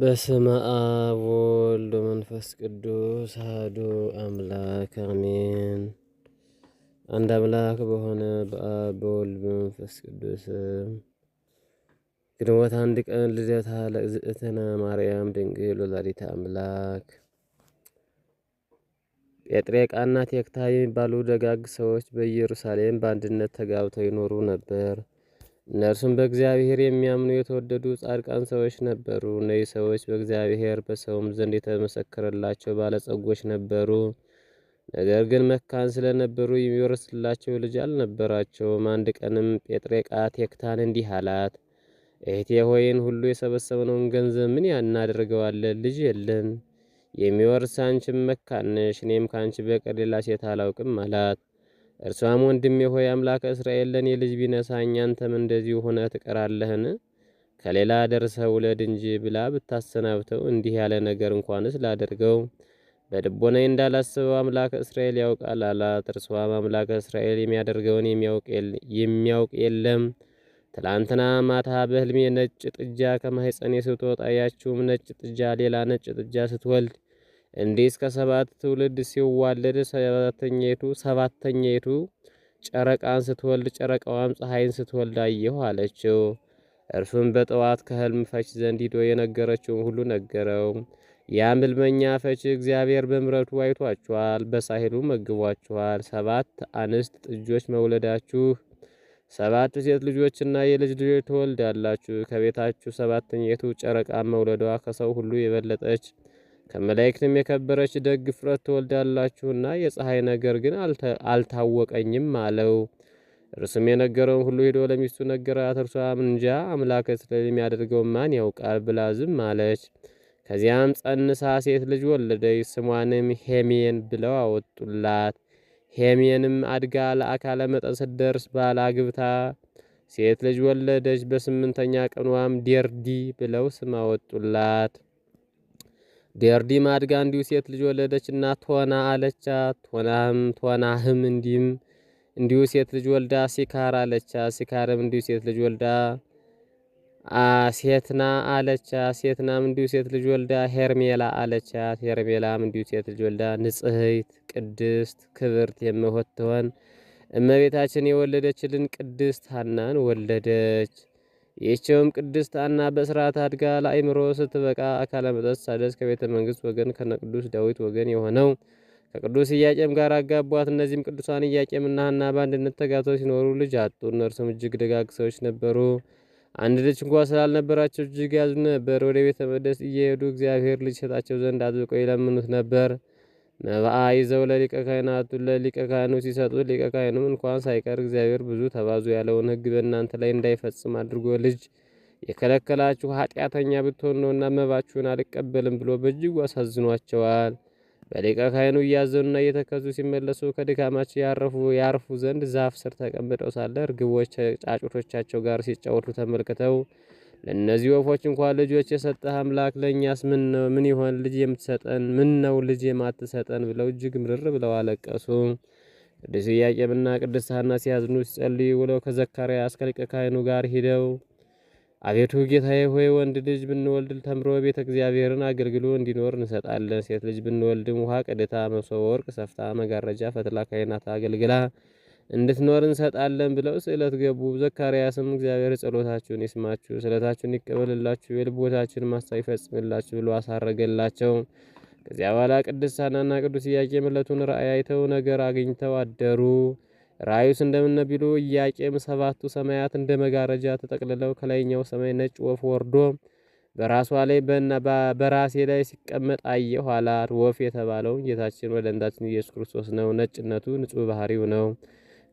በስመ አብ ወወልድ ወመንፈስ ቅዱስ አሐዱ አምላክ አሜን። አንድ አምላክ በሆነ በአብ በወልድ በመንፈስ ቅዱስ ግንቦት አንድ ቀን ልደታ ለእግዝእትነ ማርያም ድንግል ወላዲተ አምላክ። ጴጥሬቃና ቴክታ የሚባሉ ደጋግ ሰዎች በኢየሩሳሌም በአንድነት ተጋብተው ይኖሩ ነበር። እነርሱም በእግዚአብሔር የሚያምኑ የተወደዱ ጻድቃን ሰዎች ነበሩ። እነዚህ ሰዎች በእግዚአብሔር በሰውም ዘንድ የተመሰከረላቸው ባለጸጎች ነበሩ። ነገር ግን መካን ስለነበሩ የሚወርስላቸው ልጅ አልነበራቸውም። አንድ ቀንም ጴጥሬቃ ቴክታን እንዲህ አላት፣ እህቴ ሆይን ሁሉ የሰበሰብነውን ገንዘብ ምን እናደርገዋለን? ልጅ የለን፣ የሚወርስ አንቺም መካን ነሽ፣ እኔም ከአንቺ በቀር ሌላ ሴት አላውቅም አላት። እርሷም ወንድሜ ሆይ አምላከ እስራኤል ለእኔ ልጅ ቢነሳኝ አንተም እንደዚሁ ሆነ ትቀራለህን? ከሌላ ደርሰ ውለድ እንጂ ብላ ብታሰናብተው እንዲህ ያለ ነገር እንኳንስ ላደርገው በልቦናዬ እንዳላስበው አምላከ እስራኤል ያውቃል አላት። እርሷም አምላከ እስራኤል የሚያደርገውን የሚያውቅ የለም ትላንትና ማታ በህልሜ ነጭ ጥጃ ከማህፀኔ ስትወጣ ነጭ ጥጃ ሌላ ነጭ ጥጃ ስትወልድ እንዲህ እስከ ሰባት ትውልድ ሲዋለድ ሰባተኛይቱ ሰባተኛይቱ ጨረቃን ስትወልድ ጨረቃዋም ፀሐይን ስትወልድ አየሁ አለችው። እርሱም በጠዋት ከህልም ፈች ዘንድ ሂዶ የነገረችውን ሁሉ ነገረው። ያም ሕልመኛ ፈች እግዚአብሔር በምረቱ አይቷችኋል፣ በሳህሉ መግቧችኋል። ሰባት አንስት ጥጆች መውለዳችሁ ሰባት ሴት ልጆችና የልጅ ልጆች ትወልዳላችሁ። ከቤታችሁ ሰባተኛይቱ ጨረቃ መውለዷ ከሰው ሁሉ የበለጠች ከመላእክትም የከበረች ደግ ፍረት ትወልዳላችሁና የፀሐይ ነገር ግን አልታወቀኝም አለው። እርስም የነገረውን ሁሉ ሄዶ ለሚስቱ ነገራት። እርሷም እንጃ አምላክ የሚያደርገው ማን ያውቃል ብላ ዝም አለች። ከዚያም ጸንሳ ሴት ልጅ ወለደች። ስሟንም ሄሜን ብለው አወጡላት። ሄሜንም አድጋ ለአካለ መጠን ስትደርስ ባል አግብታ ሴት ልጅ ወለደች። በስምንተኛ ቀኗም ዴርዲ ብለው ስም አወጡላት። ዴርዲ ማድጋ እንዲሁ ሴት ልጅ ወለደች እና ቶና አለቻት። ቶናህም ቶናህም እንዲህም እንዲሁ ሴት ልጅ ወልዳ ሲካር አለቻት። ሲካርም እንዲሁ ሴት ልጅ ወልዳ ሴትና አለቻ ሴትናም እንዲሁ ሴት ልጅ ወልዳ ሄርሜላ አለቻት። ሄርሜላም እንዲሁ ሴት ልጅ ወልዳ ንጽሕት ቅድስት ክብርት የምሆት ትሆን እመቤታችን የወለደችልን ቅድስት ሐናን ወለደች። ይህችውም ቅድስት አና በስርዓት አድጋ ለአይምሮ ስትበቃ አካለ መጠት ሳደስ ከቤተ መንግስት ወገን ከነቅዱስ ዳዊት ወገን የሆነው ከቅዱስ ኢያቄም ጋር አጋቧት። እነዚህም ቅዱሳን ኢያቄምና ሐና በአንድነት ተጋተው ሲኖሩ ልጅ አጡ። እነርሱም እጅግ ደጋግ ሰዎች ነበሩ። አንድ ልጅ እንኳ ስላልነበራቸው እጅግ ያዝኑ ነበር። ወደ ቤተ መቅደስ እየሄዱ እግዚአብሔር ልጅ ሰጣቸው ዘንድ አጥብቀው ይለምኑት ነበር። ነብአ ይዘው ለሊቀ ካህናቱ ለሊቀ ካህኑ ሲሰጡት ሊቀ ካህኑም እንኳን ሳይቀር እግዚአብሔር ብዙ ተባዙ ያለውን ሕግ በእናንተ ላይ እንዳይፈጽም አድርጎ ልጅ የከለከላችሁ ኃጢአተኛ ብትሆን ነውና መባችሁን አልቀበልም ብሎ በእጅጉ አሳዝኗቸዋል። በሊቀ ካህኑ እያዘኑና እየተከዙ ሲመለሱ ከድካማቸው ያረፉ ያርፉ ዘንድ ዛፍ ስር ተቀምጠው ሳለ እርግቦች ጫጩቶቻቸው ጋር ሲጫወቱ ተመልክተው ለእነዚህ ወፎች እንኳን ልጆች የሰጠህ አምላክ ለእኛስ ምን ነው? ምን ይሆን ልጅ የምትሰጠን? ምን ነው ልጅ የማትሰጠን? ብለው እጅግ ምርር ብለው አለቀሱ። ቅዱስ ኢያቄምና ቅድስት ሐና ሲያዝኑ ሲጸልዩ ውለው ከዘካርያስ ከሊቀ ካህኑ ጋር ሂደው አቤቱ ጌታዬ ሆይ ወንድ ልጅ ብንወልድ ተምሮ ቤተ እግዚአብሔርን አገልግሎ እንዲኖር እንሰጣለን። ሴት ልጅ ብንወልድም ውሃ ቀድታ፣ መሶበ ወርቅ ሰፍታ፣ መጋረጃ ፈትላ ካህናት አገልግላ እንድትኖር እንሰጣለን ብለው ስዕለት ገቡ። ዘካርያስም እግዚአብሔር ጸሎታችሁን ይስማችሁ፣ ስዕለታችሁን ይቀበልላችሁ፣ የልቦታችሁን ማሳብ ይፈጽምላችሁ ብሎ አሳረገላቸው። ከዚያ በኋላ ቅድስት ሐናና ቅዱስ ኢያቄም ዕለቱን ራእይ አይተው ነገር አግኝተው አደሩ። ራእዩስ እንደምነቢሉ ያቄም ኢያቄም ሰባቱ ሰማያት እንደ መጋረጃ ተጠቅልለው ከላይኛው ሰማይ ነጭ ወፍ ወርዶ በራሷ ላይ በራሴ ላይ ሲቀመጥ አየ ኋላ ወፍ የተባለውን ጌታችን ወደንዳችን ኢየሱስ ክርስቶስ ነው። ነጭነቱ ንጹሕ ባህሪው ነው።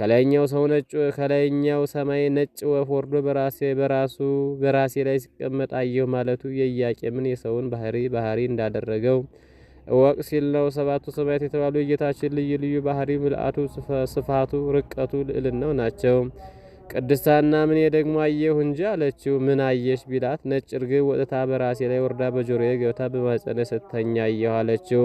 ከላይኛው ሰው ነጭ ከላይኛው ሰማይ ነጭ ወፍ ወርዶ በራሴ በራሱ በራሴ ላይ ሲቀመጥ አየሁ ማለቱ የኢያቄምን የሰውን ባህሪ ባህሪ እንዳደረገው እወቅ ሲል ነው። ሰባቱ ሰማያት የተባሉ የጌታችን ልዩ ልዩ ባህሪ ምልአቱ፣ ስፋቱ፣ ርቀቱ፣ ልዕልናው ናቸው። ቅድስታና ምን ደግሞ አየሁ እንጂ አለችው። ምን አየሽ ቢላት ነጭ እርግብ ወጥታ በራሴ ላይ ወርዳ በጆሮዬ ገብታ በማጸነ ስተኛ አየሁ አለችው።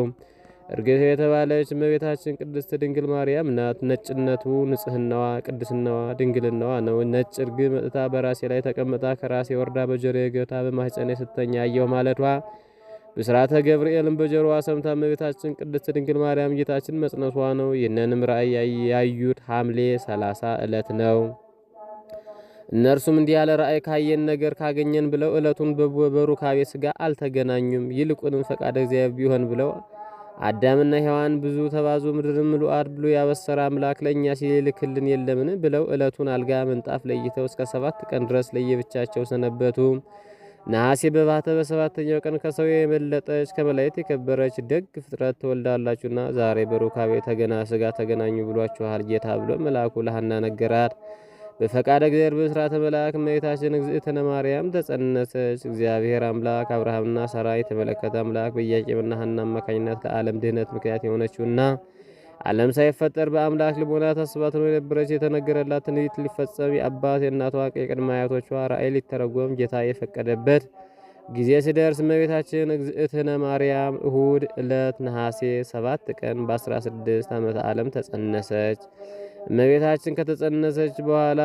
እርግህ የተባለች እመቤታችን ቅድስት ድንግል ማርያም ናት። ነጭነቱ፣ ንጽህናዋ፣ ቅድስናዋ፣ ድንግልናዋ ነው። ነጭ እርግብ መጥታ በራሴ ላይ ተቀምጣ ከራሴ ወርዳ በጆሮዬ ገብታ በማህፀኔ ስተኛ አየሁ ማለቷ ብስራተ ገብርኤልን በጆሮዋ ሰምታ እመቤታችን ቅድስት ድንግል ማርያም ጌታችን መጽነቷ ነው። ይህንንም ራእይ ያዩት ሐምሌ 30 ዕለት ነው። እነርሱም እንዲህ ያለ ራእይ ካየን ነገር ካገኘን ብለው ዕለቱን በሩካቤ ሥጋ አልተገናኙም። ይልቁንም ፈቃደ እግዚአብሔር ቢሆን ብለው አዳምና ሔዋን ብዙ ተባዙ ምድርም ምሉአድ ብሎ ያበሰረ አምላክ ለእኛ ሲል ይልክልን የለምን ብለው እለቱን አልጋ ምንጣፍ ለይተው እስከ ሰባት ቀን ድረስ ለየብቻቸው ሰነበቱ። ነሐሴ በባተ በሰባተኛው ቀን ከሰው የመለጠች ከመላእክት የከበረች ደግ ፍጥረት ትወልዳላችሁና ዛሬ በሩካቤ ተገና ስጋ ተገናኙ ብሏችኋል ጌታ ብሎ መልአኩ ለሐና ነገራት። በፈቃድ እግዚአብሔር በስራተ መልአክ እመቤታችን እግዝእትነ ማርያም ተጸነሰች። እግዚአብሔር አምላክ አብርሃምና ሳራ የተመለከተ አምላክ በኢያቄምና ሐና አማካኝነት ለዓለም ድህነት ምክንያት የሆነችውና ዓለም ሳይፈጠር በአምላክ ልቦና ታስባት ነው የነበረች የተነገረላት ትንቢት ሊፈጸም የአባት የእናቷ የቅድመ አያቶቿ ራእይ ሊተረጎም ጌታ የፈቀደበት ጊዜ ሲደርስ እመቤታችን እግዝእትነ ማርያም እሁድ ዕለት ነሐሴ ሰባት ቀን በ16 ዓመተ ዓለም ተጸነሰች። እመቤታችን ከተጸነሰች በኋላ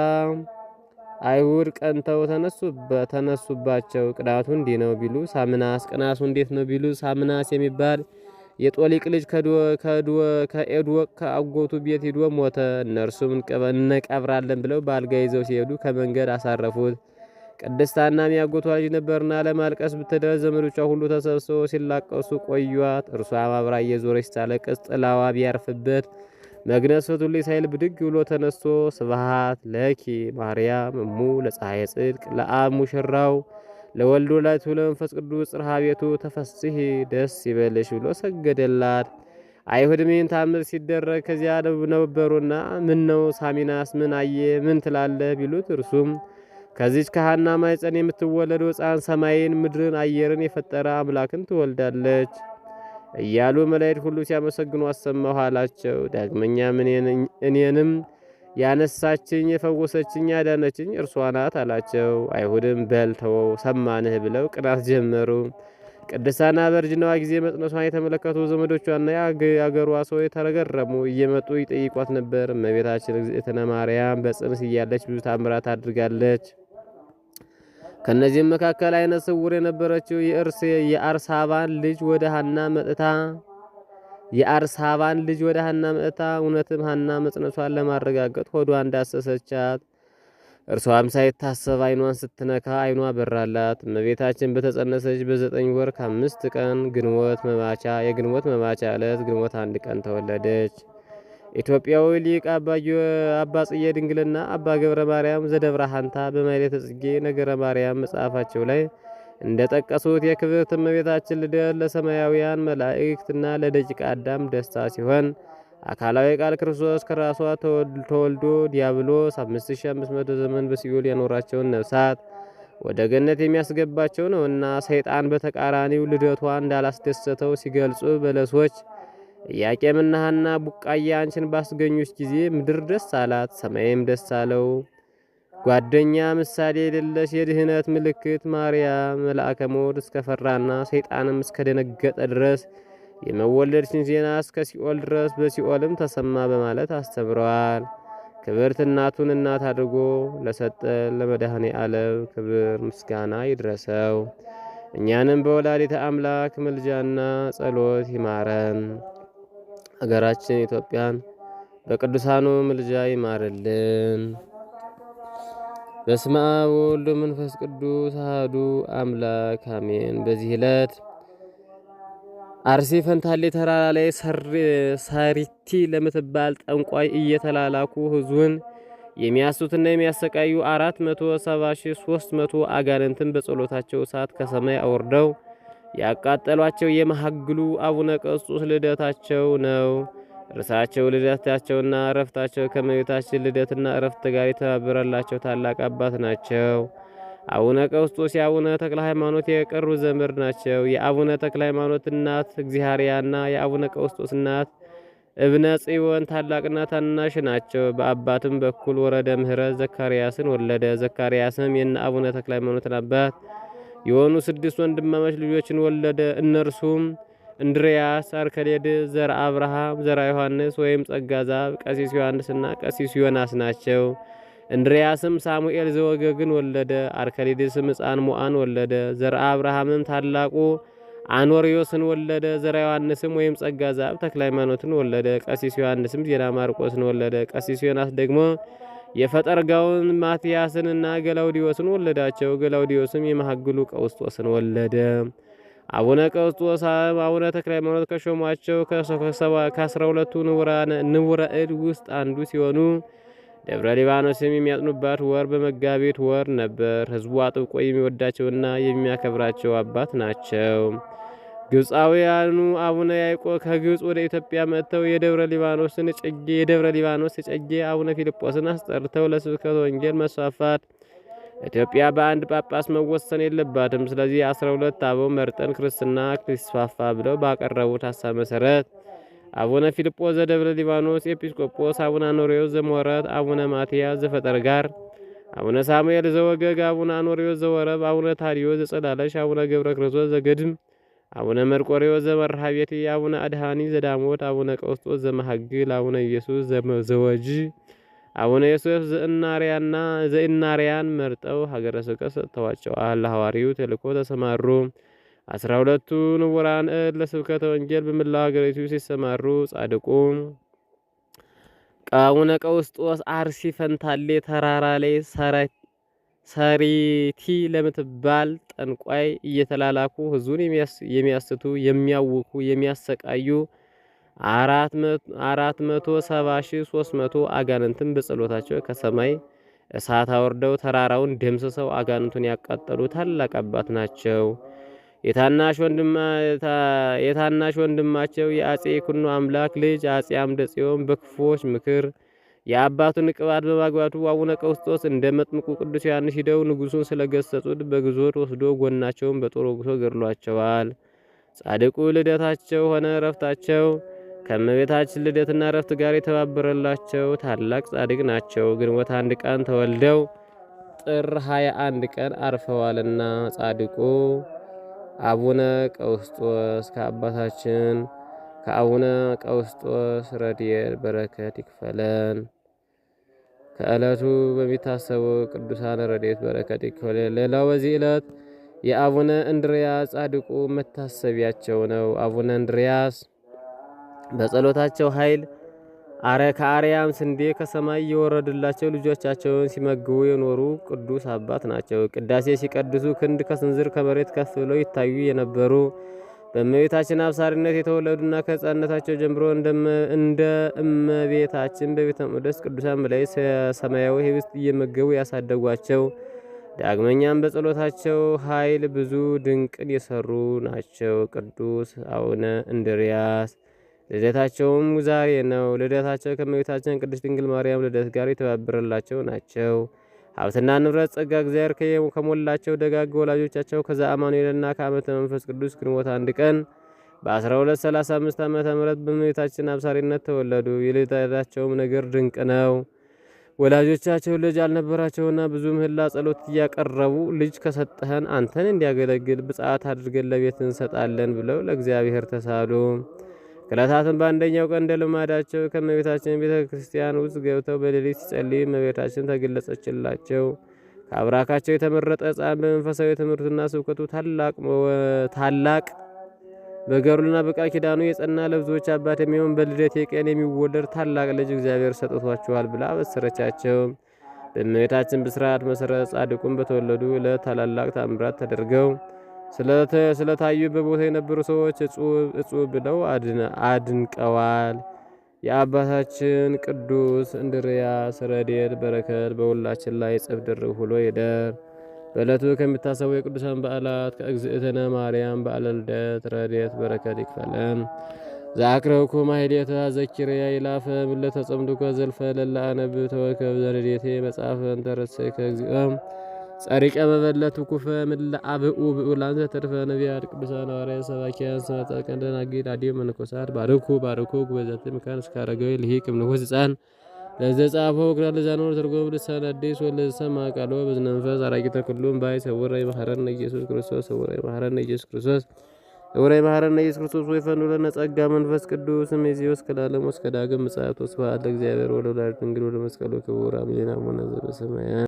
አይሁድ ቀንተው ተነሱባቸው። ቅዳቱ እንዲህ ነው ቢሉ ሳምናስ፣ ቅናሱ እንዴት ነው ቢሉ ሳምናስ የሚባል የጦሊቅ ልጅ ከኤድወቅ ከአጎቱ ቤት ሂዶ ሞተ። እነርሱም እንቀብራለን ብለው በአልጋ ይዘው ሲሄዱ ከመንገድ አሳረፉት። ቅድስት ሐናም ልጅ ነበርና ለማልቀስ ብትደርስ ዘመዶቿ ሁሉ ተሰብስበው ሲላቀሱ ቆዩአት። እርሷም አብራ እየዞረች ስታለቅስ ጥላዋ ቢያርፍበት መግነዝ ፍቱልኝ ሳይል ብድግ ብሎ ተነስቶ ስብሃት ለኪ ማርያም እሙ ለፀሐየ ጽድቅ ለአብ ሙሽራው ለወልድ ወላዲቱ ለመንፈስ ቅዱስ ጽርሐ ቤቱ ተፈስሒ ደስ ይበልሽ ብሎ ሰገደላት። አይሁድ ምን ታምር ሲደረግ ከዚያ ነበሩና ምን ነው ሳሚናስ ምን አየ ምን ትላለህ ቢሉት እርሱም ከዚች ከሐና ማኅፀን የምትወለደው ሕፃን ሰማይን፣ ምድርን፣ አየርን የፈጠረ አምላክን ትወልዳለች እያሉ መላእክት ሁሉ ሲያመሰግኑ አሰማሁ አላቸው። ዳግመኛም እኔንም ያነሳችኝ የፈወሰችኝ ያዳነችኝ እርሷ ናት አላቸው። አይሁድም በልተው ሰማንህ ብለው ቅናት ጀመሩ። ቅድሳና በእርጅናዋ ጊዜ መጽነሷን የተመለከቱ ዘመዶቿና የአገሯ ሰው ተረገረሙ። እየመጡ ይጠይቋት ነበር። እመቤታችን እግዝእትነ ማርያም በጽንስ እያለች ብዙ ታምራት አድርጋለች። ከእነዚህም መካከል አይነ ስውር የነበረችው የአርሳባን ልጅ ወደ ሀና መጥታ የአርሳባን ልጅ ወደ ሀና መጥታ እውነትም ሀና መጽነሷን ለማረጋገጥ ሆዷ እንዳሰሰቻት እርሷም ሳይታሰብ አይኗን ስትነካ አይኗ በራላት። እመቤታችን በተጸነሰች በዘጠኝ ወር ከአምስት ቀን ግንቦት መባቻ የግንቦት መባቻ ዕለት ግንቦት አንድ ቀን ተወለደች። ኢትዮጵያዊ ሊቅ አባ ጽዬ ድንግልና አባ ገብረ ማርያም ዘደብረ ሀንታ በማኅሌተ ጽጌ ነገረ ማርያም መጽሐፋቸው ላይ እንደ ጠቀሱት የክብርት እመቤታችን ልደት ለሰማያውያን መላእክትና ለደቂቀ አዳም ደስታ ሲሆን አካላዊ ቃል ክርስቶስ ከራሷ ተወልዶ ዲያብሎስ 5500 ዘመን በሲኦል ያኖራቸውን ነፍሳት ወደ ገነት የሚያስገባቸው ነውና ሰይጣን በተቃራኒው ልደቷ እንዳላስደሰተው ሲገልጹ በለሶች ኢያቄምና ሐና ቡቃያ አንቺን ባስገኙች ጊዜ ምድር ደስ አላት፣ ሰማይም ደስ አለው። ጓደኛ ምሳሌ የሌለሽ የድህነት ምልክት ማርያም መልአከ ሞት እስከፈራና ሰይጣንም እስከደነገጠ ድረስ የመወለድሽን ዜና እስከ ሲኦል ድረስ በሲኦልም ተሰማ በማለት አስተምረዋል። ክብርት እናቱን እናት አድርጎ ለሰጠ ለመድኃኔ ዓለም ክብር ምስጋና ይድረሰው። እኛንም በወላዲተ አምላክ ምልጃና ጸሎት ይማረን። ሀገራችን ኢትዮጵያን በቅዱሳኑ ምልጃ ይማርልን። በስመ አብ ወወልድ ወመንፈስ ቅዱስ አሐዱ አምላክ አሜን። በዚህ ዕለት አርሲ ፈንታሌ ተራራ ላይ ሳሪቲ ለምትባል ጠንቋይ እየተላላኩ ህዝቡን የሚያሱትና የሚያሰቃዩ አራት መቶ ሰባ ሺህ ሶስት መቶ አጋንንትን በጸሎታቸው ሰዓት ከሰማይ አውርደው ያቃጠሏቸው የመሐግሉ አቡነ ቀስጦስ ልደታቸው ነው። እርሳቸው ልደታቸውና እረፍታቸው ከመቤታችን ልደትና እረፍት ጋር የተባበረላቸው ታላቅ አባት ናቸው። አቡነ ቀውስጦስ የአቡነ ተክለ ሃይማኖት የቅርብ ዘመድ ናቸው። የአቡነ ተክለ ሃይማኖት እናት እግዚሃርያና የአቡነ ቀውስጦስ እናት እብነ ጽዮን ታላቅና ታናሽ ናቸው። በአባትም በኩል ወረደ ምህረት ዘካርያስን ወለደ። ዘካርያስም የነ አቡነ ተክለ ሃይማኖትን አባት የሆኑ ስድስት ወንድማማች ልጆችን ወለደ። እነርሱም እንድርያስ፣ አርከሌድ፣ ዘር አብርሃም፣ ዘራ ዮሐንስ ወይም ጸጋዛብ፣ ቀሲስ ዮሐንስና ቀሲስ ዮናስ ናቸው። እንድርያስም ሳሙኤል ዘወገግን ወለደ። አርከሌድስም ሕፃን ሙአን ወለደ። ዘር አብርሃምም ታላቁ አኖሪዮስን ወለደ። ዘራ ዮሐንስም ወይም ጸጋዛብ ተክለ ሃይማኖትን ወለደ። ቀሲስ ዮሐንስም ዜና ማርቆስን ወለደ። ቀሲስ ዮናስ ደግሞ የፈጠርጋውን ማትያስንና ገላውዲዮስን ወለዳቸው። ገላውዲዮስም የማሃግሉ ቀውስጦስን ወለደ። አቡነ ቀውስጦስ አቡነ ተክለ ሃይማኖት ከሾሟቸው ከአስራ ሁለቱ ንቡረ እድ ውስጥ አንዱ ሲሆኑ ደብረ ሊባኖስም የሚያጥኑባት ወር በመጋቢት ወር ነበር። ሕዝቡ አጥብቆ የሚወዳቸውና የሚያከብራቸው አባት ናቸው። ግብፃውያኑ አቡነ ያይቆ ከግብፅ ወደ ኢትዮጵያ መጥተው የደብረ ሊባኖስን እጨጌ የደብረ ሊባኖስ ጭጌ አቡነ ፊልጶስን አስጠርተው ለስብከተ ወንጌል መስፋፋት ኢትዮጵያ በአንድ ጳጳስ መወሰን የለባትም። ስለዚህ አስራ ሁለት አበው መርጠን ክርስትና ሊስፋፋ ብለው ባቀረቡት ሀሳብ መሰረት አቡነ ፊልጶስ ዘደብረ ሊባኖስ ኤጲስቆጶስ፣ አቡነ አኖሪዮ ዘሞረት፣ አቡነ ዘፈጠር ጋር አቡነ ሳሙኤል ዘወገግ፣ አቡነ አኖሬዎስ ዘወረብ፣ አቡነ ታዲዮስ ዘጸላለሽ፣ አቡነ ገብረ ክርስቶስ ዘገድም አቡነ መርቆሬዎስ ዘበርሃ ቤት አቡነ አድሃኒ ዘዳሞት፣ አቡነ ቀውስጦስ ዘመሀግል፣ አቡነ ኢየሱስ ዘወጅ፣ አቡነ ዮሴፍ ዘእናርያና ዘእናርያን መርጠው ሀገረ ስብከት ሰጥተዋቸዋል። ለሐዋርያው ተልእኮ ተሰማሩ። አስራ ሁለቱ ንቡራን እድ ለስብከተ ወንጌል በመላው ሀገሪቱ ሲሰማሩ ጻድቁ አቡነ ቀውስጦስ አርሲ ፈንታሌ ተራራ ላይ ሰሪቲ ለምትባል ጠንቋይ እየተላላኩ ህዝቡን የሚያስቱ የሚያውኩ የሚያሰቃዩ አራት መቶ ሰባ ሺ ሶስት መቶ አጋንንትን በጸሎታቸው ከሰማይ እሳት አወርደው ተራራውን ደምስሰው አጋንንቱን ያቃጠሉ ታላቅ አባት ናቸው። የታናሽ ወንድማቸው የአጼ ኩኖ አምላክ ልጅ አጼ አምደ ጽዮን በክፉዎች ምክር የአባቱን ቅባት በማግባቱ አቡነ ቀውስጦስ እንደ መጥምቁ ቅዱስ ዮሐንስ ሂደው ንጉሱን ስለገሰጹት በግዞት ወስዶ ጎናቸውን በጦር ወግቶ ገድሏቸዋል። ጻድቁ ልደታቸው ሆነ እረፍታቸው ከእመቤታችን ልደትና እረፍት ጋር የተባበረላቸው ታላቅ ጻድቅ ናቸው። ግንቦት አንድ ቀን ተወልደው ጥር 21 ቀን አርፈዋልና ጻድቁ አቡነ ቀውስጦስ ከአባታችን ከአቡነ ቀውስጦስ ረድኤት በረከት ይክፈለን። ከዕለቱ በሚታሰበው ቅዱሳን ረድኤት በረከት ይኮል። ሌላው በዚህ ዕለት የአቡነ እንድርያስ ጻድቁ መታሰቢያቸው ነው። አቡነ እንድርያስ በጸሎታቸው ኃይል አረ ከአርያም ስንዴ ከሰማይ እየወረድላቸው ልጆቻቸውን ሲመግቡ የኖሩ ቅዱስ አባት ናቸው። ቅዳሴ ሲቀድሱ ክንድ ከስንዝር ከመሬት ከፍ ብለው ይታዩ የነበሩ በእመቤታችን አብሳሪነት የተወለዱና ከሕፃንነታቸው ጀምሮ እንደ እመቤታችን በቤተ መቅደስ ቅዱሳን በላይ ሰማያዊ ኅብስት እየመገቡ ያሳደጓቸው ዳግመኛም በጸሎታቸው ኃይል ብዙ ድንቅን የሰሩ ናቸው። ቅዱስ አቡነ እንድርያስ ልደታቸውም ዛሬ ነው። ልደታቸው ከእመቤታችን ቅድስት ድንግል ማርያም ልደት ጋር የተባበረላቸው ናቸው። ሀብትና ንብረት ጸጋ እግዚአብሔር ከሞላቸው ደጋግ ወላጆቻቸው ከዛ አማኑኤልና ከዓመተ መንፈስ ቅዱስ ግንቦት አንድ ቀን በ1235 ዓመተ ምህረት በእመቤታችን አብሳሪነት ተወለዱ። የልደታቸውም ነገር ድንቅ ነው። ወላጆቻቸው ልጅ አልነበራቸውና ብዙ ምህላ ጸሎት እያቀረቡ ልጅ ከሰጠህን አንተን እንዲያገለግል ብፅዓት አድርገን ለቤት እንሰጣለን ብለው ለእግዚአብሔር ተሳሉ። ከዕለታትም በአንደኛው ቀን እንደ ልማዳቸው ከእመቤታችን ቤተ ክርስቲያን ውስጥ ገብተው በሌሊት ሲጸልይ እመቤታችን ተገለጸችላቸው። ከአብራካቸው የተመረጠ ሕፃን በመንፈሳዊ ትምህርቱና ስብከቱ ታላቅ በገሩልና በቃል ኪዳኑ የጸና ለብዙዎች አባት የሚሆን በልደት የቀን የሚወለድ ታላቅ ልጅ እግዚአብሔር ሰጥቷችኋል ብላ በሰረቻቸው። በእመቤታችን ብስራት መሰረት ጻድቁን በተወለዱ ዕለት ታላላቅ ታምራት ተደርገው ስለታዩ በቦታ የነበሩ ሰዎች እጹብ ብለው አድንቀዋል። የአባታችን ቅዱስ እንድርያስ ረድኤት በረከት በሁላችን ላይ ጽፍ ድርብ ሁሎ ይደር። በእለቱ ከሚታሰቡ የቅዱሳን በዓላት ከእግዝእትነ ማርያም በዓለ ልደት ረድኤት በረከት ይክፈለን። ዘአክረብኩ ማሕሌተ ዘኪርያ ይላፈ ምለተጸምዱከ ዘልፈ ለላ አነብብ ተወከብ ዘረድኤቴ መጽሐፈን ተረሰይከ እግዚኦም ጸሪቀ መበለት ኩፈ ምላ አብኡ ብኡ ላንዘ ተርፈ ነቢያት ቅዱሳን ሐዋርያት ሰባኪያን ሰማዕታት ደናግል አዲው መነኮሳት ባርኩ ባርኩ ጉበዘት ምካን እስካረገዊ ልሂቅ እምንኩስ ሕፃን ለዘጻፎ ክዳ ለዛኖር ተርጎም ልሳን አዲስ ወለሰማ ቃሎ በዝነ መንፈስ አራቂተ ኩሉም ባይ ሰውራይ መሐረነ ኢየሱስ ክርስቶስ ሰውራይ መሐረነ ኢየሱስ ክርስቶስ ሰውራይ መሐረነ ኢየሱስ ክርስቶስ ወይ ፈንዱ ለነ መንፈስ ቅዱስ እምይእዜው እስከ ለዓለም እስከ ዳግም ምጽአት ወስብሐት ለእግዚአብሔር ወለወላዲቱ ድንግል ወለመስቀሉ ክቡር አሜን። አቡነ ዘበሰማያት